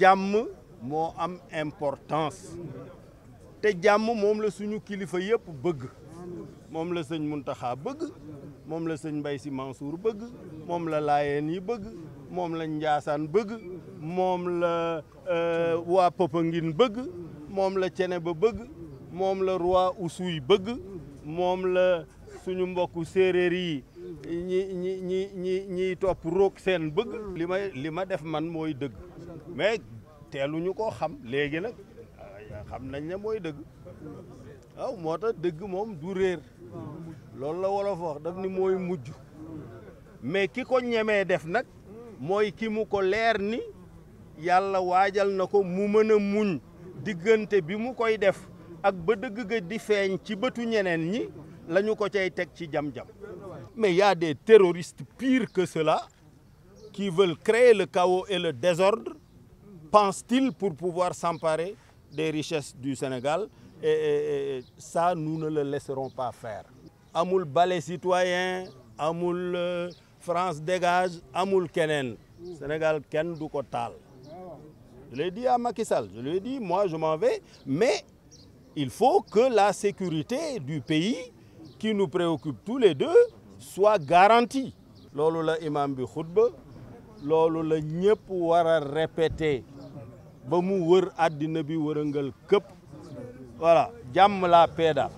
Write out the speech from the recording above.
jàmm moo am importance te jàmm moom la suñu kilifa yëpp bëgg moom la sëñ Muntaxa bëgg moom la sëñ Mbay Si Mansour bëgg moom la laayeen yi bëgg moom la njaasaan bëgg moom la euh, waa Popenguine bëgg moom la Ceneba bëgg moom la roi Oussouye bëgg moom la suñu mbokku séeréer yi ñi ñi ñi ñi ñiy topp roog seen bëgg li ma li ma def man mooy dëgg mais teeluñu koo xam léegi nag ah, xam nañ ne mooy dëgg waaw moo tax dëgg moom du réer loolu la wolof wax daf ni mooy mujj mais ki ko ñemee def nag mooy ki mu ko leer ni yàlla waajal na ko mu mën a muñ diggante bi mu koy def ak ba dëgg ga di feeñ ci bëtu ñeneen ñi la ñu ko cay teg ci jam-jam mais il a des terroristes pires que cela qui veulent créer le chaos et le désordre pensent-ils pour pouvoir s'emparer des richesses du Sénégal et, et, et ça nous ne le laisserons pas faire amul balai citoyen amul euh, France dégage amul keneen Sénégal kenn du ko taal je l'ai dit à Macky je lui dit moi je m'en vais mais il faut que la sécurité du pays kiinu nous préoccupe tous les deux soit garantie loolu la imam bi xutba loolu la ñëpp war a répéter ba mu wër àddina bi wërëngal këpp voilà jàmm la paix